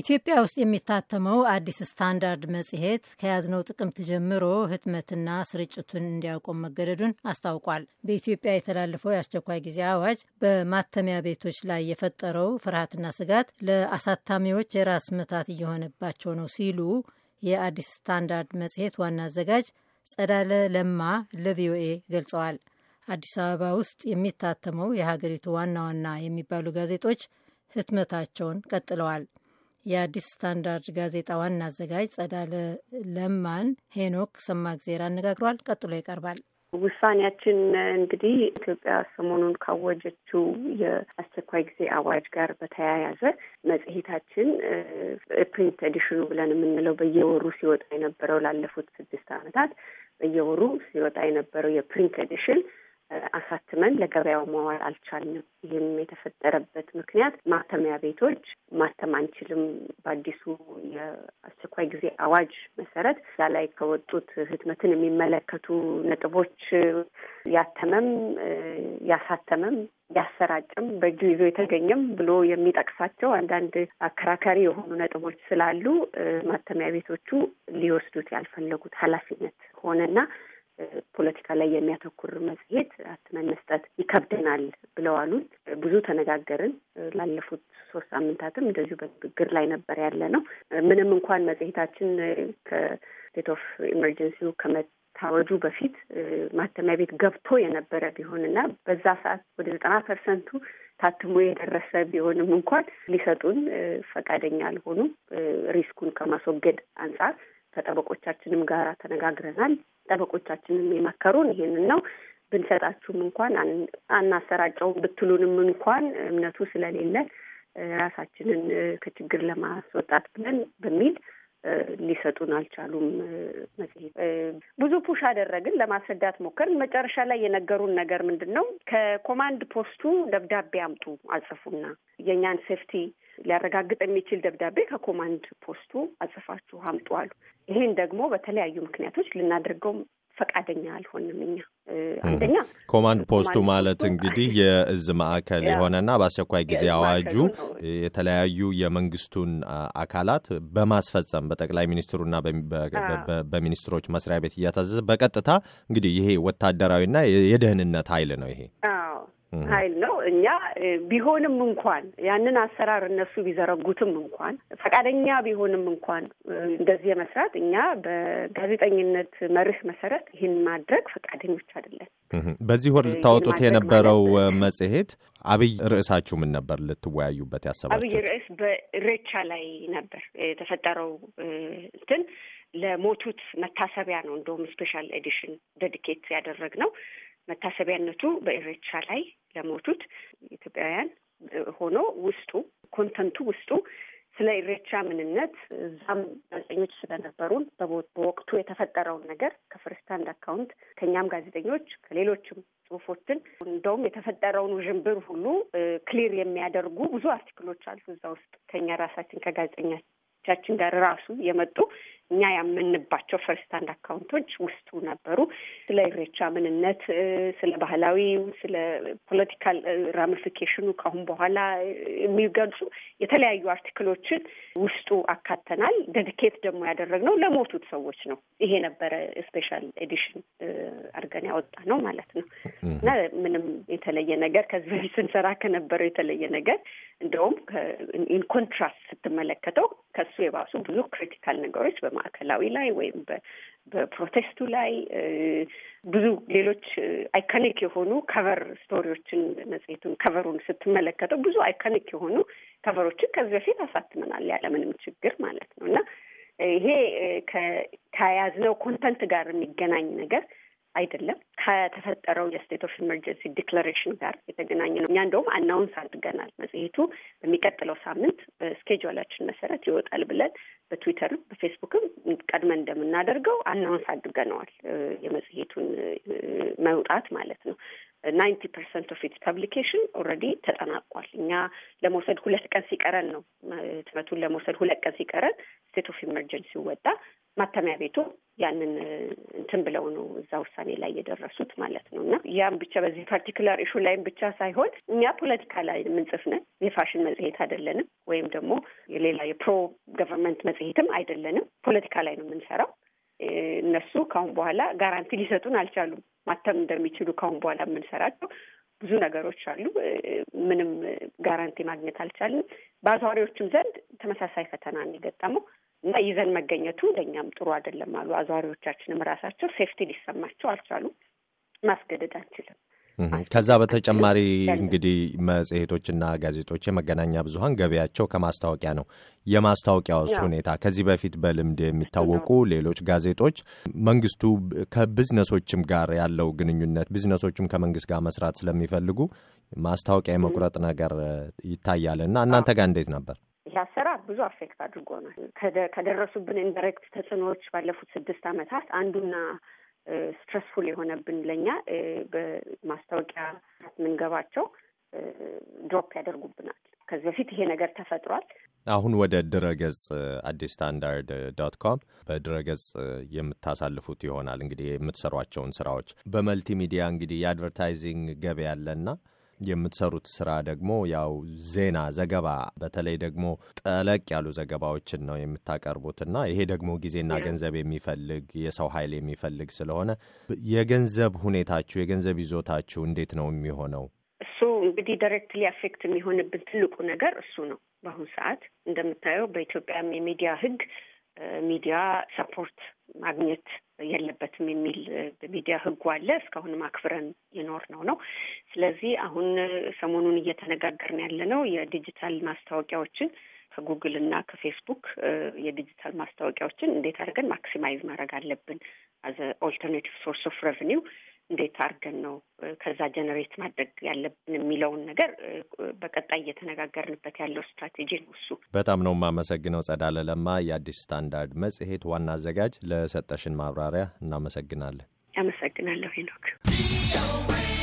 ኢትዮጵያ ውስጥ የሚታተመው አዲስ ስታንዳርድ መጽሔት ከያዝነው ጥቅምት ጀምሮ ህትመትና ስርጭቱን እንዲያቆም መገደዱን አስታውቋል። በኢትዮጵያ የተላለፈው የአስቸኳይ ጊዜ አዋጅ በማተሚያ ቤቶች ላይ የፈጠረው ፍርሃትና ስጋት ለአሳታሚዎች የራስ ምታት እየሆነባቸው ነው ሲሉ የአዲስ ስታንዳርድ መጽሔት ዋና አዘጋጅ ጸዳለ ለማ ለቪኦኤ ገልጸዋል። አዲስ አበባ ውስጥ የሚታተመው የሀገሪቱ ዋና ዋና የሚባሉ ጋዜጦች ህትመታቸውን ቀጥለዋል። የአዲስ ስታንዳርድ ጋዜጣ ዋና አዘጋጅ ጸዳለ ለማን ሄኖክ ሰማግዜር አነጋግሯል። ቀጥሎ ይቀርባል። ውሳኔያችን እንግዲህ ኢትዮጵያ ሰሞኑን ካወጀችው የአስቸኳይ ጊዜ አዋጅ ጋር በተያያዘ መጽሔታችን ፕሪንት ኤዲሽኑ ብለን የምንለው በየወሩ ሲወጣ የነበረው ላለፉት ስድስት ዓመታት በየወሩ ሲወጣ የነበረው የፕሪንት ኤዲሽን አሳትመን ለገበያው መዋል አልቻልንም። ይህም የተፈጠረበት ምክንያት ማተሚያ ቤቶች ማተም አንችልም፣ በአዲሱ የአስቸኳይ ጊዜ አዋጅ መሰረት እዛ ላይ ከወጡት ህትመትን የሚመለከቱ ነጥቦች ያተመም ያሳተመም ያሰራጭም በእጁ ይዞ የተገኘም ብሎ የሚጠቅሳቸው አንዳንድ አከራካሪ የሆኑ ነጥቦች ስላሉ ማተሚያ ቤቶቹ ሊወስዱት ያልፈለጉት ኃላፊነት ሆነና ፖለቲካ ላይ የሚያተኩር መጽሔት አትመን መስጠት ይከብደናል ብለው ብዙ ተነጋገርን። ላለፉት ሶስት ሳምንታትም እንደዚሁ በግግር ላይ ነበር ያለ ነው። ምንም እንኳን መጽሔታችን ከስቴት ኦፍ ኢመርጀንሲው ከመታወጁ በፊት ማተሚያ ቤት ገብቶ የነበረ ቢሆን እና በዛ ሰዓት ወደ ዘጠና ፐርሰንቱ ታትሞ የደረሰ ቢሆንም እንኳን ሊሰጡን ፈቃደኛ አልሆኑም። ሪስኩን ከማስወገድ አንጻር ከጠበቆቻችንም ጋር ተነጋግረናል። ጠበቆቻችንም የመከሩን ይሄንን ነው። ብንሰጣችሁም እንኳን አናሰራጨውም ብትሉንም እንኳን እምነቱ ስለሌለ ራሳችንን ከችግር ለማስወጣት ብለን በሚል ሊሰጡን አልቻሉም። መጽሔት ብዙ ፑሽ አደረግን፣ ለማስረዳት ሞከርን። መጨረሻ ላይ የነገሩን ነገር ምንድን ነው? ከኮማንድ ፖስቱ ደብዳቤ አምጡ አጽፉና የእኛን ሴፍቲ ሊያረጋግጥ የሚችል ደብዳቤ ከኮማንድ ፖስቱ አጽፋችሁ አምጡ አሉ። ይህን ደግሞ በተለያዩ ምክንያቶች ልናደርገው ፈቃደኛ አልሆንም። እኛ አንደኛ ኮማንድ ፖስቱ ማለት እንግዲህ የእዝ ማዕከል የሆነና በአስቸኳይ ጊዜ አዋጁ የተለያዩ የመንግስቱን አካላት በማስፈጸም በጠቅላይ ሚኒስትሩና በሚኒስትሮች መስሪያ ቤት እያታዘዘ በቀጥታ እንግዲህ ይሄ ወታደራዊና የደህንነት ኃይል ነው። ይሄ ኃይል ነው። እኛ ቢሆንም እንኳን ያንን አሰራር እነሱ ቢዘረጉትም እንኳን ፈቃደኛ ቢሆንም እንኳን እንደዚህ የመስራት እኛ በጋዜጠኝነት መርህ መሰረት ይህን ማድረግ ፈቃደኞች አይደለን። በዚህ ወር ልታወጡት የነበረው መጽሔት አብይ ርዕሳችሁ ምን ነበር? ልትወያዩበት ያሰባችሁ አብይ ርዕስ በሬቻ ላይ ነበር የተፈጠረው እንትን ለሞቱት መታሰቢያ ነው። እንደውም ስፔሻል ኤዲሽን ዴዲኬት ያደረግ ነው መታሰቢያነቱ በኢሬቻ ላይ ለሞቱት ኢትዮጵያውያን ሆኖ ውስጡ ኮንተንቱ ውስጡ ስለ ኢሬቻ ምንነት እዛም ጋዜጠኞች ስለነበሩን በወቅቱ የተፈጠረውን ነገር ከፍርስታንድ አካውንት ከእኛም ጋዜጠኞች ከሌሎችም ጽሁፎችን እንደውም የተፈጠረውን ውዥንብር ሁሉ ክሊር የሚያደርጉ ብዙ አርቲክሎች አሉ እዛ ውስጥ ከኛ ራሳችን ከጋዜጠኛ ቻችን ጋር ራሱ የመጡ እኛ ያመንባቸው ፈርስት አንድ አካውንቶች ውስጡ ነበሩ። ስለ ኢሬቻ ምንነት፣ ስለ ባህላዊው፣ ስለ ፖለቲካል ራሚፊኬሽኑ ከአሁን በኋላ የሚገልጹ የተለያዩ አርቲክሎችን ውስጡ አካተናል። ደድኬት ደግሞ ያደረግነው ለሞቱት ሰዎች ነው። ይሄ ነበረ ስፔሻል ኤዲሽን አድርገን ያወጣ ነው ማለት ነው እና ምንም የተለየ ነገር ከዚህ በፊት ስንሰራ ከነበረው የተለየ ነገር እንደውም ኢን ኮንትራስት ስትመለከተው ከሱ የባሱ ብዙ ክሪቲካል ነገሮች በማዕከላዊ ላይ ወይም በፕሮቴስቱ ላይ ብዙ ሌሎች አይካኒክ የሆኑ ከቨር ስቶሪዎችን መጽሔቱን ከቨሩን ስትመለከተው ብዙ አይካኒክ የሆኑ ከቨሮችን ከዚህ በፊት አሳትመናል ያለምንም ችግር ማለት ነው እና ይሄ ከያዝነው ኮንተንት ጋር የሚገናኝ ነገር አይደለም ከተፈጠረው የስቴት ኦፍ ኢመርጀንሲ ዲክላሬሽን ጋር የተገናኘ ነው። እኛ እንደውም አናውንስ አድርገናል። መጽሔቱ በሚቀጥለው ሳምንት በስኬጁላችን መሰረት ይወጣል ብለን በትዊተርም በፌስቡክም ቀድመን እንደምናደርገው አናውንስ አድርገነዋል። የመጽሔቱን መውጣት ማለት ነው። ናይንቲ ፐርሰንት ኦፍ ኢትስ ፐብሊኬሽን ኦልሬዲ ተጠናቋል። እኛ ለመውሰድ ሁለት ቀን ሲቀረን ነው ህትመቱን ለመውሰድ ሁለት ቀን ሲቀረን ስቴት ኦፍ ኢመርጀንሲ ወጣ። ማተሚያ ቤቱ ያንን እንትን ብለው ነው እዛ ውሳኔ ላይ የደረሱት ማለት ነው። እና ያም ብቻ በዚህ ፓርቲኩላር ኢሹ ላይም ብቻ ሳይሆን እኛ ፖለቲካ ላይ የምንጽፍ ነን። የፋሽን መጽሔት አይደለንም፣ ወይም ደግሞ የሌላ የፕሮ ገቨርንመንት መጽሔትም አይደለንም። ፖለቲካ ላይ ነው የምንሰራው። እነሱ ካሁን በኋላ ጋራንቲ ሊሰጡን አልቻሉም። ማተም እንደሚችሉ ካሁን በኋላ የምንሰራቸው ብዙ ነገሮች አሉ። ምንም ጋራንቲ ማግኘት አልቻልንም። በአዟሪዎችም ዘንድ ተመሳሳይ ፈተና የገጠመው። እና ይዘን መገኘቱ ለእኛም ጥሩ አይደለም አሉ። አዟሪዎቻችንም ራሳቸው ሴፍቲ ሊሰማቸው አልቻሉ ማስገደድ አንችልም። ከዛ በተጨማሪ እንግዲህ መጽሔቶችና ጋዜጦች የመገናኛ ብዙኃን ገበያቸው ከማስታወቂያ ነው። የማስታወቂያውስ ሁኔታ ከዚህ በፊት በልምድ የሚታወቁ ሌሎች ጋዜጦች መንግስቱ ከቢዝነሶችም ጋር ያለው ግንኙነት ቢዝነሶችም ከመንግስት ጋር መስራት ስለሚፈልጉ ማስታወቂያ የመቁረጥ ነገር ይታያል እና እናንተ ጋር እንዴት ነበር? ብዙ አፌክት አድርጎናል። ከደረሱብን ኢንዳይሬክት ተጽዕኖዎች ባለፉት ስድስት ዓመታት አንዱና ስትረስፉል የሆነብን ለኛ በማስታወቂያ ምንገባቸው ድሮፕ ያደርጉብናል። ከዚህ በፊት ይሄ ነገር ተፈጥሯል። አሁን ወደ ድረገጽ አዲስ ስታንዳርድ ዶት ኮም በድረገጽ የምታሳልፉት ይሆናል እንግዲህ የምትሰሯቸውን ስራዎች በመልቲ ሚዲያ እንግዲህ የአድቨርታይዚንግ ገበያ አለና የምትሰሩት ስራ ደግሞ ያው ዜና፣ ዘገባ በተለይ ደግሞ ጠለቅ ያሉ ዘገባዎችን ነው የምታቀርቡት እና ይሄ ደግሞ ጊዜና ገንዘብ የሚፈልግ የሰው ኃይል የሚፈልግ ስለሆነ የገንዘብ ሁኔታችሁ የገንዘብ ይዞታችሁ እንዴት ነው የሚሆነው? እሱ እንግዲህ ዳይሬክትሊ አፌክት የሚሆንብን ትልቁ ነገር እሱ ነው። በአሁኑ ሰዓት እንደምታየው በኢትዮጵያም የሚዲያ ህግ ሚዲያ ሰፖርት ማግኘት የለበትም የሚል በሚዲያ ህጉ አለ። እስካሁንም አክብረን ይኖር ነው ነው። ስለዚህ አሁን ሰሞኑን እየተነጋገርን ያለ ነው የዲጂታል ማስታወቂያዎችን ከጉግል እና ከፌስቡክ የዲጂታል ማስታወቂያዎችን እንዴት አድርገን ማክሲማይዝ ማድረግ አለብን አዘ ኦልተርኔቲቭ ሶርስ ኦፍ ሬቨኒው እንዴት አድርገን ነው ከዛ ጀነሬት ማድረግ ያለብን የሚለውን ነገር በቀጣይ እየተነጋገርንበት ያለው ስትራቴጂ ነው እሱ። በጣም ነው የማመሰግነው። ጸዳለ ለማ የአዲስ ስታንዳርድ መጽሔት ዋና አዘጋጅ፣ ለሰጠሽን ማብራሪያ እናመሰግናለን። አመሰግናለሁ ሄኖክ።